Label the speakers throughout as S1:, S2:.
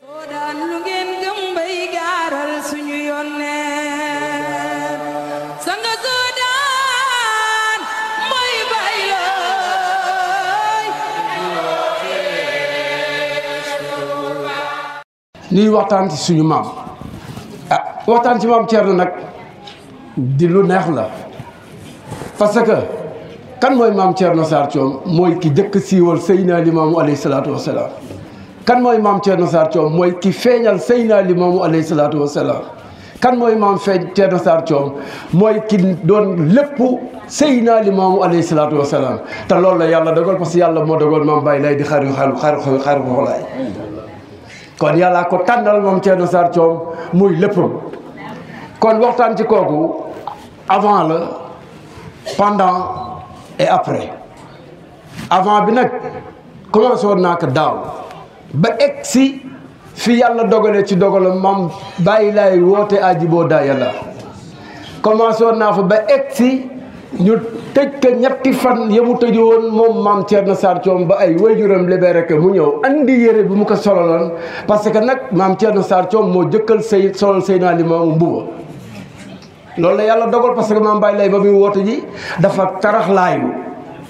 S1: soo daan ñuy waxtaan ci suñu maam ah waxtaan ci maam Thierno nag di lu neex la parce que kan mooy maam Thierno Sarr Thiome mooy ki jëkk siiwal Seydina Limaamu alayhi salaatu wassalaam كان موي مام تيرنا سارتيوم موي كي فينال سينا لي مام عليه الصلاه والسلام كان موي مام فين تيرنا سارتيوم موي كي دون ليب سينا لي مام عليه الصلاه والسلام تا لول لا يالا دغول باسكو يالا مو دغول مام باي لاي دي خار خار خار خار خولاي كون يالا كو تانال مام تيرنا سارتيوم موي ليب كون وقتان تي كوكو avant le pendant et après avant bi nak commencé na ka daw ba egg si fi yàlla dogale ci dogalam maam bàyyi laay woote ajiboo daa yàlla commencé woon naa fa ba egg si ñu tëj ko ñetti fan ya mu tëju woon moom maam Thierno Sarr Thiom ba ay waajuram libéré ko mu ñëw indi yére bi mu ko sololoon parce que nag maam Thierno Sarr Thiom moo jëkkal say solol say naa limaamu mbuba loolu la yàlla dogal parce que maam bàyyi lay ba muy woote ji dafa taraxlaayu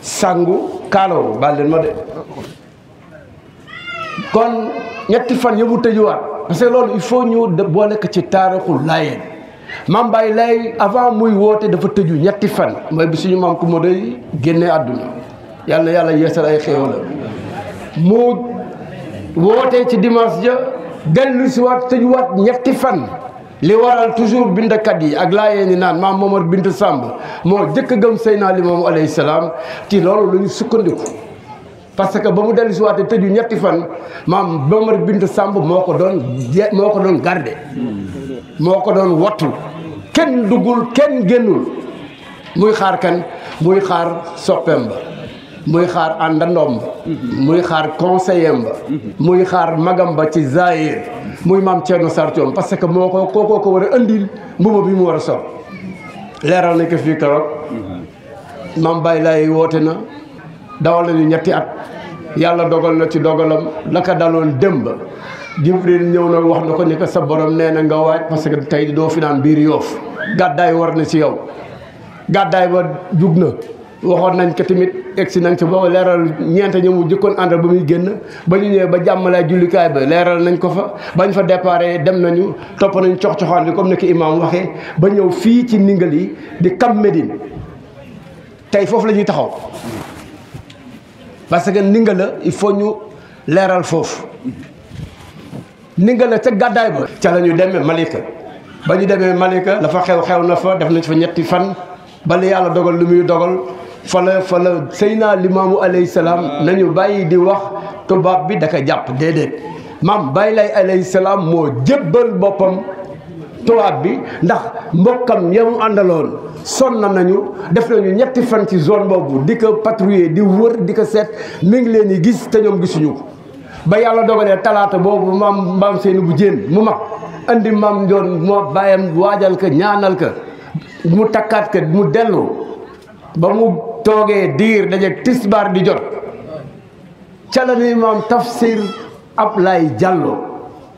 S1: sangu kaalawu baal ma de kon ñetti fan yëpp tëjuwaat parce loolu il faut ñu boole ko ci taarixul laayeen maam Baye Laye avant muy woote dafa tëju ñetti fan mooy bi suñu maam ku ma doy génnee àdduna yàlla na yàlla yeesal ay la mu wootee ci dimanche ja dellu si waat tëjuwaat ñetti fan li waral toujours bind bindkat yi ak laayeen ni naan maam Momar bind Samb moo jëkk gëm Seydina Limaamu alayhi salaam ci loolu la ñu sukkandiku parce que bamou mu waté siwaate tëju ñetti fan mam bamar bint sàmb moko don moko don garder moko don wattu ken dugul ken gennul muy xaar kan muy xaar sopem ba muy xaar andandom ba muy xaar conseillam ba muy xaar magam ba ci zahir muy mam cheno Sartion parce que moko koko ko wara andil mbuba bi mu wara a leral ne ke fi karok mam bay lay wote na dawal ñetti at yàlla dogal na ci dogalam la ko daloon démb Jibril ñëw na wax na ko ni sa borom nee na nga waaj parce que tey doo fi naan biir yoof gàddaay war na ci yow gàddaay ba jug na waxoon nañ ko tamit egsi nañ ci ba leeral ñeente ñu mu jëkkoon àndal ba muy génn ba ñu ñëwee ba jàmmalaay jullikaay ba leeral nañ ko fa bañ fa déparé dem nañu topp nañ cox-coxaan bi comme ni ko imaam waxee ba ñëw fii ci yi di Cap Médine tey foofu lañuy ñuy taxaw parce que Ningala il faut ñu leeral foofu Ningala ca gàddaay ba ca la ñu demee Malika ba ñu demee Malika dafa xew xew na fa def nañ fa ñetti fan bala yàlla dogal lu muy dogal fa la fa la Seydina Limaamu alayhi salaam nañu bàyyi di wax tubaab bi daka jàpp déedéet maam bàyyi lay alayhi salaam moo jébbal boppam tubaab bi ndax mbokkam yamu àndaloon sonn nañu def nañu ñetti fan ci zone boobu di ko patrouiller di wër di ko seet mu ngi leen di gis te ñoom gisuñu ko ba yàlla dogalee talaata boobu mbaam maam seeni bu jéen mu mag andi maam njoon moo bàyyam waajal ko ñaanal mu takkaat ko mu dellu ba mu toogee diir daje di jot ca la ni maam tafsir Ablaye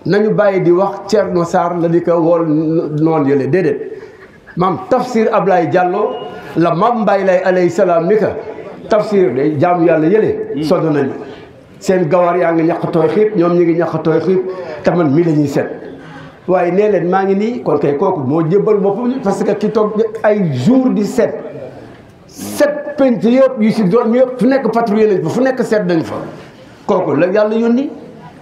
S1: nañu bàyyi di wax Thierno Sarr la di ko wool noon yële déedéet maam tafsir Ablaye jàlloo la maam Mbaye lay alayhi salaam ni ka tafsir de jaamu yàlla yële. sonn nañu seen gawaar yaa ngi ñàkk tooy xiib ñoom ñu ngi ñàkk tooy xiib te man mii la ñuy seet waaye nee leen maa ngi nii kon kay kooku moo jébbal boppam parce que ki toog ay jour di seet seet penc yëpp yu si doon yëpp fu nekk patrouille nañ fa fu nekk seet nañ fa kooku la yàlla yónni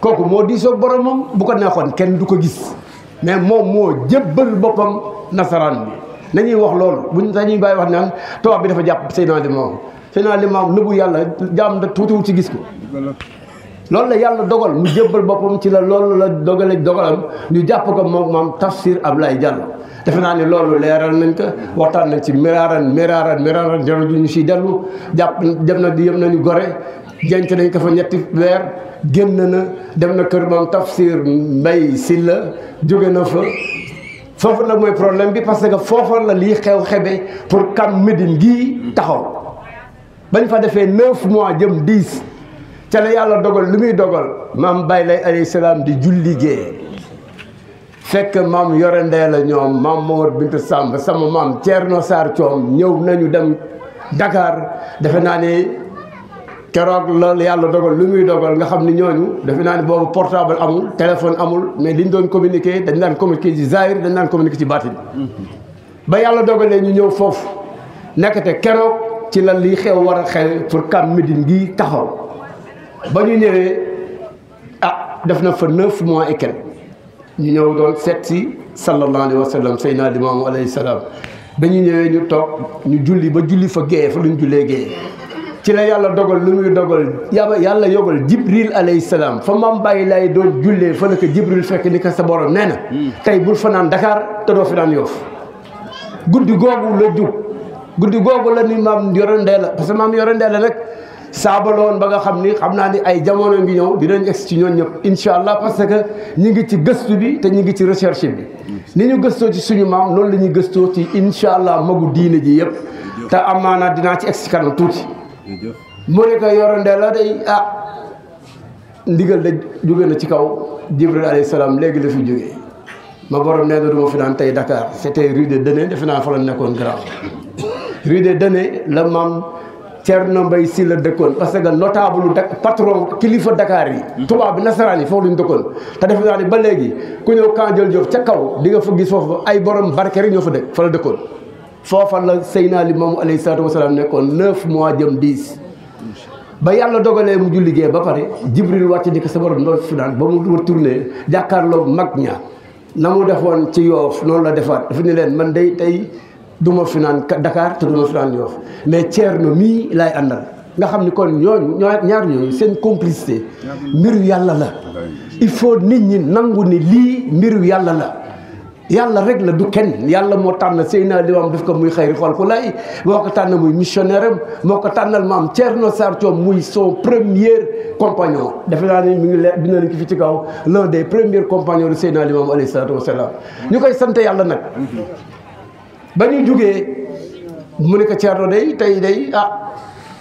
S1: kooku moo diisoo boromam bu ko neexoon kenn du ko gis mais moom moo jébbal boppam nasaraan bi nañuy wax loolu buñ dañuy bàyyi wax naan tubaab bi dafa jàpp Seydina Limaamu Seydina Limaamu nëbbu yàlla jaam da tuutiwul ci gis loolu la yàlla dogal mu jébbal boppam ci la loolu la dogale dogalam ñu jàpp ko moom maam Tafsir Ablaye Diallo defe naa ne loolu leeral nañ ko waxtaan nañ ci miraaran miraaran miraaran jarul ñu siy dellu jàpp dem na di yem nañu gore jenc nañ ko fa ñetti weer génn na dem na kër moom Tafsir Mbaye Sylla jóge na fa foofu nag mooy problème bi parce que foofa la lii xew xebe pour Camp Médine gi taxaw bañ fa defee neuf mois jëm dix ca la yàlla dogal li muy dogal maam Baye Lay alayhi salaam di julli gee fekk maam yore ndee la ñoom maam Mor Bintu Samb sama maam Thierno Sarr Thiom ñëw nañu dem dakaar defe naa ne keroog loolu yàlla dogal lu muy dogal nga xam ni ñooñu defe naa ne boobu portable amul téléphone amul mais liñ doon communiqué dañ daan communiqué ci zahir dañ daan communiqué ci baatin mm-hmm. ba yàlla dogalee ñu ñëw foofu nekkate keroog ci la li xew war a xew pour Camp Médine gi taxaw ba ñu ñëwee ah def na fa neuf mois et ñu ñëw doon seet si sallallahu alayhi wa sallam Seydina Limaamu alayhi salaam ba ñu ñëwee ñu toog ñu julli ba julli fa géeye fa luñ jullee géeye ci la yàlla dogal lu muy dogal yàlla yàlla yogal jibril alayhi salaam fa maam bàyyi laay doon jullee fa la ko jibril fekk ni ko sa borom nee na hmm. tey bul fanaan dakaar te doo fi naan guddi googu la jub guddi googu la ni maam yore ndee la parce que maam yore ndee la nag saabaloon ba nga xam ni xam naa ni ay jamono ngi ñëw dinañ egsi ci ñoom ñëpp incha allah parce que ñu ngi ci gëstu bi te ñu ngi ci recherche bi ni ñu gëstoo ci suñu maam loolu la ñuy gëstoo ci incha allah magu diine ji yëpp te amaanaa dinaa ci egsi kanam tuuti mu ne ko yorondee la day ah ndigal da jóge na ci kaw jibril alayhi salaam léegi la fi jógee ma borom nee na du ma fi daan tey Dakar c'était rue de Dené defe naa fa la nekkoon grand rue de la maam na Mbaye si la dëkkoon parce que notable da patron kilifa Dakar yi tubaab bi nasaraan yi foofu lañ dëkkoon te defe naa ne ba léegi ku ñëw Kandjol Diop ca kaw di nga fa gis foofu ay borom barke rek ñoo fa dëkk fa la dëkkoon foofa la Seydina Limaamu alayhi salaatu wasalaam nekkoon neuf mois jëm dix ba yàlla dogalee mu julli gee ba pare jibril wàcc di ko sa borom ndox fi daan ba mu retourné jàkkaarloo mag ña na mu defoon ci yoof noonu la defar dafa ne leen man dey tey duma ma fi naan Dakar te du ma yoof mais Ceerno mii laay àndal nga xam ni kon ñooñu ñoo ñaar ñooñu seen complicité mbiru yàlla la il faut nit ñi nangu ni lii mbiru yàlla la yàlla rek la du kenn yàlla moo tànn Seydina Limaamu def ko muy xayri xool ku lay moo ko tànn muy missionnaire am moo ko tànnal maam Thierno Sarr Thiam muy son premier compagnon. defe naa ne mi ngi leer bind nañu ko fi ci kaw l'un des premiers compagnons de Seydina Limaamu alayhi salaatu wa salaam ñu koy sant yàlla nag. ba ñu jugee mu ne ko Thierno day tey day ah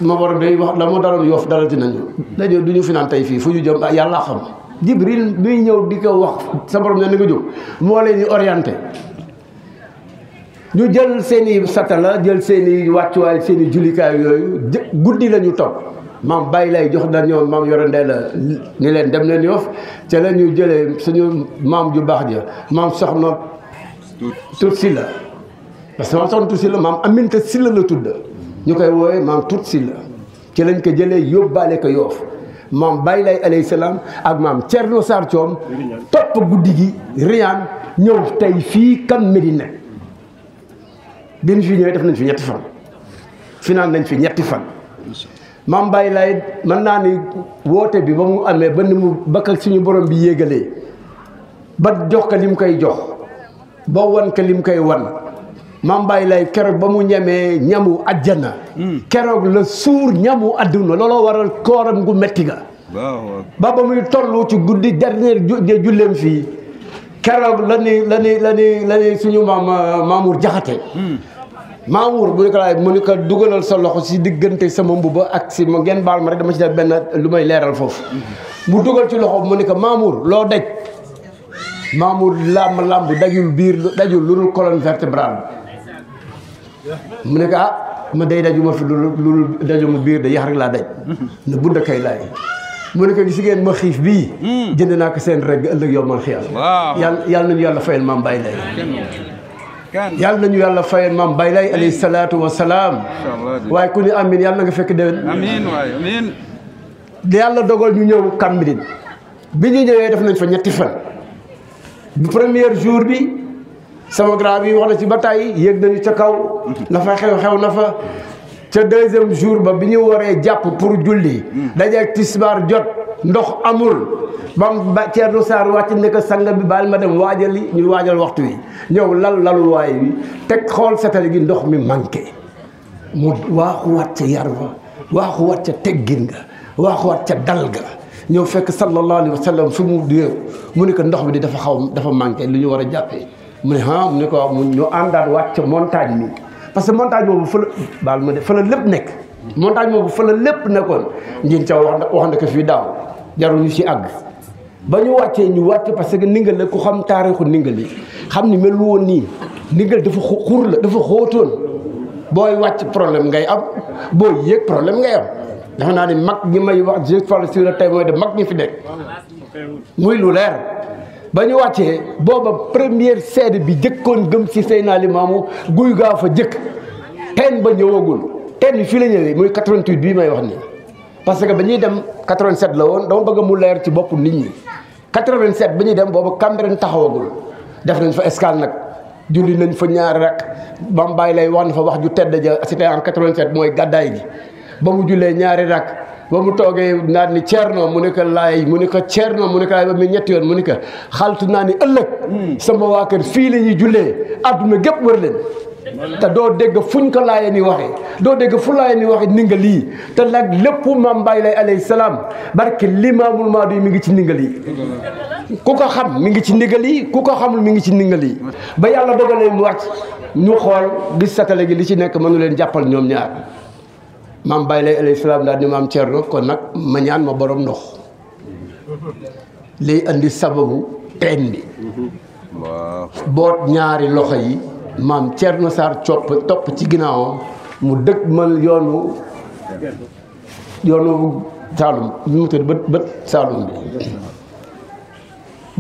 S1: ma war a day wax la ma daloon yoof dalati nañu dañu du ñu fi naan tey fii fu ñu jëm yàlla xam. jibril bi ñëw di ko wax sa borom ne na nga jóg moo leen di orienté ñu jël seeni satala jël seeni i wàccuwaay seen i jullikaay yooyu guddi la ñu topp maam bàyyi lay jox na ñoom maam yoro la ni leen dem leen yof ca la ñu jëlee suñu maam ju baax ja maam soxna tut si la parce que maam soxna tut si la maam aminta si la la ñu koy woowee maam tut si la ci lañ ko jëlee yóbbaale ko yoof maam Baye Lay alayhi salaam ak maam Thierno Sarr Thiom topp guddi gi riyaan ñëw tey fii kan Médina bi ñu fi ñëwee def nañ fi ñetti fan finaan nañ fi ñetti fan maam Baye Lay naa ni woote bi ba mu amee ba ni mu bakk suñu borom bi yéegalee ba jox ka lim koy jox ba wan ka lim koy wan maam Baye lay keroog ba mu ñemee ñamu àjjana hmm. keroog la suur ñamu àdduna looloo waral kooram gu metti ga ba ba muy tollu ci guddi dernier julleem fii keroog la ni la ni la ni suñu maam Mamour Jaxate hmm. Mamour bu ñu ko mu ni ko dugalal sa loxo si diggante sama mbuba ak si ma ngeen baal ma rek dama ci def benn lu may leeral foofu hmm. mu dugal ci loxo mu ni ko Mamour loo daj Mamour làmb làmb dajul biir dajul lu dul colonne vertébrale mu ne ko ah ma day daju ma fi lu lu daju biir de yax rek laa daj ne bunda kay laay mu ne ko gis ngeen ma xiif bii hmm. jënd naa ko seen rek ëllëg yow man xiyal yàlla yàlla nañu yàlla fayal maam bàyyi lay yàlla nañu yàlla fayal maam bàyyi lay alayhi salaatu wa salaam waaye ku ne amin yàlla na nga fekk déwén amin yàlla dogal ñu ñëw Cambérène bi ñu ñëwee def nañ fa ñetti fan bu jour bi sama grand bi wax na ci ba tàyyi yéeg nañu ca kaw la fa xew xew na fa ca deuxième jour ba bi ñu waree jàpp pour julli dajeeg tisbaar jot ndox amul bam ba Thierno Sarr wàcc ne ko sang bi baal ma dem waajali ñu waajal waxtu wi ñëw lal laluwaay bi teg xool setal gi ndox mi manqué mu waaxuwaat ca yar ba waaxuwaat ca teggin nga waaxuwaat ca dal ga ñëw fekk sallallahu alayhi wa sallam su mu déer mu ne ko ndox bi di dafa xaw dafa manqué lu ñu war a jàppee mu ne ah ne ko mu ñu àndaat wàcc montagne mi parce que montagne boobu fa la baal ma de fa la lépp nekk montagne bu fa la lépp nekkoon ngeen ca wax wax na ko fii daaw jaruñu ñu si àgg ba ñu wàccee ñu wàcc parce que ningal la ku xam taarixu ningal yi xam ni mel woon nii ningal dafa xur la dafa xóotoon booy wàcc problème ngay am booy yéeg problème ngay am dafa naa ni mag ñi may wax je parle sur le témoin de mag ñi fi de muy lu leer ba ñu wàccee booba première seede bi jëkkoon gëm ci Seydina Limaamu guy gaa fa jëkk teen ba ñëwagul teen bi fii la ñëwee muy 88 bi may wax nii parce que ba ñuy dem 87 la woon dama bëgg mu leer ci bopp nit ñi 87 ba ñuy dem booba Cambérène taxawagul def nañ fa escale nag julli nañ fa ñaari rak bambaay lay wax na fa wax ju tedd ja c'était en 87 mooy gàddaay gi ba mu jullee ñaari rak ba mu toogee naan ni ceerno mu ne ko laay mu ne ko ceerno mu ne ko laay ba mu ñetti yoon mu ne ko xaltu naa ni ëllëg sama waa kër fii la ñuy jullee àdduna gépp wër leen te doo dégg fuñ ko laayee ni waxee doo dégg fu laayee ni waxee ningal yi te nag lépp maam Baay Laay alayhi salaam barke limaamul Mahdi mi ngi ci ningal yi ku ko xam mi ngi ci ndigal yi ku ko xamul mi ngi ci ningal yi ba yàlla dogalee mu wàcc ñu xool gis satale gi li ci nekk mënu leen jàppal ñoom ñaar maam Baye lay salaam daal ni maam Thierno kon nag ma ma borom ndox liy andi sababu teen bi boot ñaari loxo yi maam Thierno Sarr copp topp ci ginnaawam mu dëkk man yoonu yoonu Saalum bi mu tëdd bët bët Saalum bi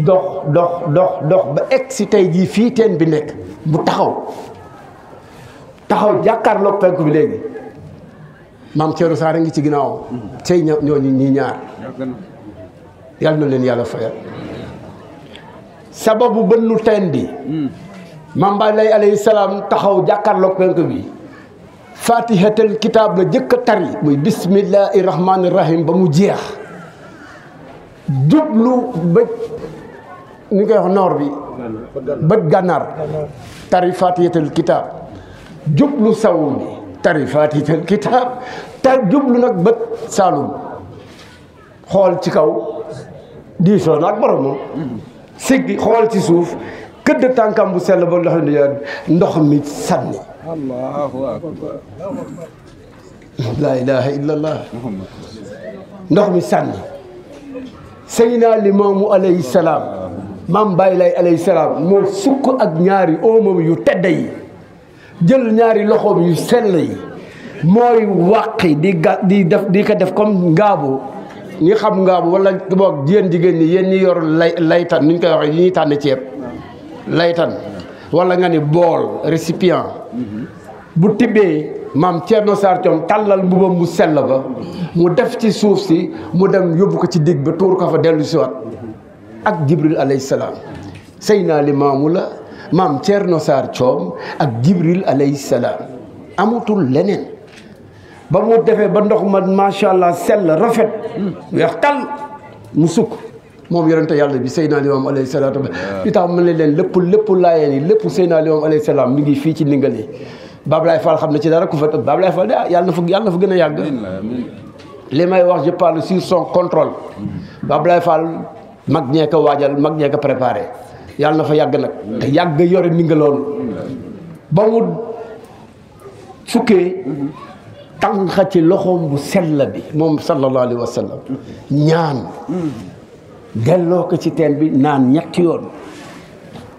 S1: dox dox dox dox ba egg si tey jii fii teen bi nekk bu taxaw taxaw jàkkaarloog penku bi léegi mam ceeru sa rangi ci ginaaw tey ñoo ñi ñaar yalla na leen yalla fayal sababu bënnu tendi mam ba lay alayhi salam taxaw jàkkaarloog penk bi fatihatul kitab la jekk tari muy bismillahir rahmanir rahim ba mu jeex djublu ba ni koy wax nor bi ba ganar tari fatihatul kitab djublu sawmi tari faatital kitaab tar jublu nag bët saalum xool ci kaw diisoo naag boromam siggi xool ci suuf këdd tànkam bu sell ba loxo ndijoor ndox mi sànni allahu akbar laa ilaha illallah ndox mi sànni Seydina Limaamu alayhi salaam maam Baay Laay alayhi salaam moo sukk ak ñaari oomam yu tedd jël ñaari loxoom yu sell yi mooy wàqi di ga di def di ko def comme ngaabu ñi xam ngaabu walla boog yéen jigéen ñi yéen ñi yor lay laytan nuñ koy waxee yi ñuy tànn ceeb laytan wala nga ni bool récipient mm-hmm. bu tibbee maam Thierno Sarr Thiom tàllal mbubam mu sell ba mm-hmm. mu def ci suuf si mu dem yóbbu ko ci digg ba tuur ko fa dellu siwaat mm-hmm. ak Jibril alayhi salaam sëy naa li maamu la مام تيرنو سار چوم اك جبريل عليه السلام امو تول لنين بامو دفه بندق مد ما شاء الله سل رفت ويقتل مسوك موم يرنت يالله بي سيدنا اليوم عليه السلام بيتام من لين لپ لپ لايني لپ سيدنا اليوم عليه السلام ميغي في تي نينغالي باب لاي فال خامنا تي دارا كو فات باب لاي فال يالنا فوك يالنا فوك غنا ياغ لي ماي واخ جي بارل سور سون كونترول باب لاي فال ماغنيكا واجال ماغنيكا بريباري yàlla na fa yàgg nag te yàgg yore ni nga loon ba mu sukkee tànqa ci loxoom bu sell bi moom sallallahu alayhi wa ñaan delloo ko ci teen bi naan ñetti yoon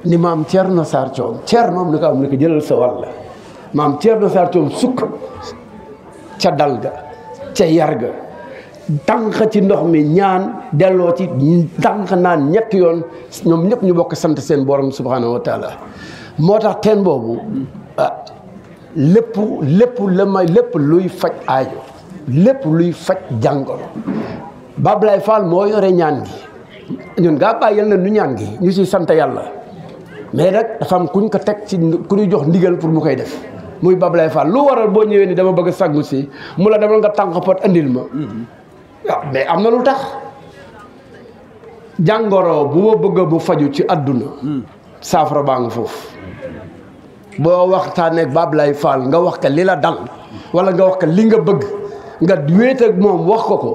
S1: ni maam Thierno Sarr Thion Thierno moom ni ko am ni ko jëlal sa wàll maam Thierno Sarr Thion sukk ca dal ga ca yar ga tànq ci ndox mi ñaan delloo ci tànq naan ñetti yoon ñoom ñëpp ñu bokk sant seen borom subhanahu wa taala moo tax teen boobu ah, lépp lépp lépp luy faj aajo lépp luy faj jàngoro Bablay Fall moo yore ñaan gi ñun gaa bàyyi yal na nu ñaan gi ñu ci sant yàlla mais nag dafa am kuñ ko teg ci ku ñu jox ndigal pour mu koy def muy Bablay Fall lu waral boo ñëwee ni dama bëgg a sàggu si mu la demal nga tànq pot andil ma waaw mais am na lu tax jàngoro bu ma bëgg bu faju ci àdduna hmm. saafara baa ngi foofu boo wax waxtaanee baab lay faal nga wax ka li la dal wala nga wax ka li nga bëgg nga wéet ak moom wax ko ko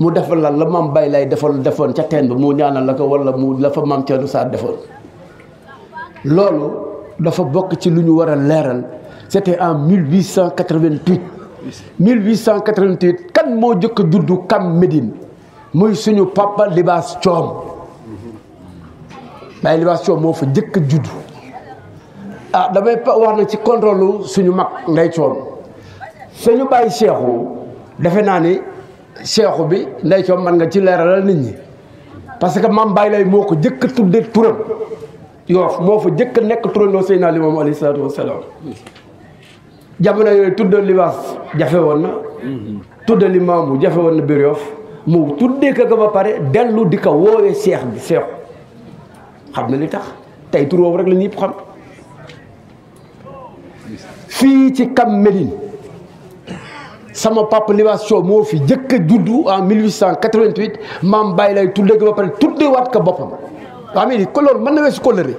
S1: mu defal la la maam bay lay defal defoon ca teen ba mu ñaanal la ko wala mu la fa maam Thierno Sarr defoon loolu dafa bokk ci lu ñu war a leeral c'était en 1888 1888 kan moo jëkk juddu kam Médine muy suñu papa libaas coom bàyyi libaas coom moo fa jëkk a juddu ah damay wax na ci contrôle suñu mag nday coom suñu bàyyi seexu defe naa ni seexu bi nday coom man nga ci leeralal nit ñi parce que maam bàyyi lay moo ko jëkk a turam yoof moo fa jëkk a nekk turandoo Seydina Limaamu alayhi salaatu wasalaam jamono yooyu tudd libaas jafe woon na mm-hmm. tudda limaamu jafe woon na biir tuddee ko ba pare dellu di ko woowee seex bi na li tax tey tur rek la ci Kam Médine sama papa moo fi jëkk a en 1888 maam Baye lay tuddee ko ba pare tuddeewaat ko boppam waa mii ko loolu mën na weesu kóllëre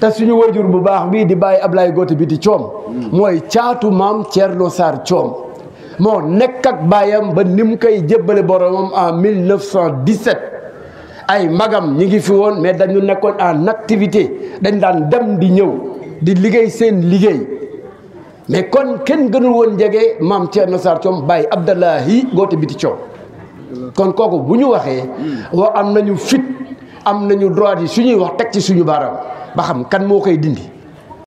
S1: te suñu wajur bu baax bii di bàyyi Ablaye Goote bi di coom mooy caatu maam Thierno Sarr coom moo nekk ak baayam ba ni mu koy jébbale boromam en 1917 ay magam ñi ngi fi woon mais dañu nekkoon en activité dañ daan dem di ñëw di liggéey seen liggéey mais kon kenn gënul woon jege maam Thierno Sarr Thiom Baye Abdallahi Goote Biti Thiom kon kooku bu ñu waxee wa am nañu fit am nañu droit yi suñuy wax teg ci suñu baaraam ba xam kan moo koy dindi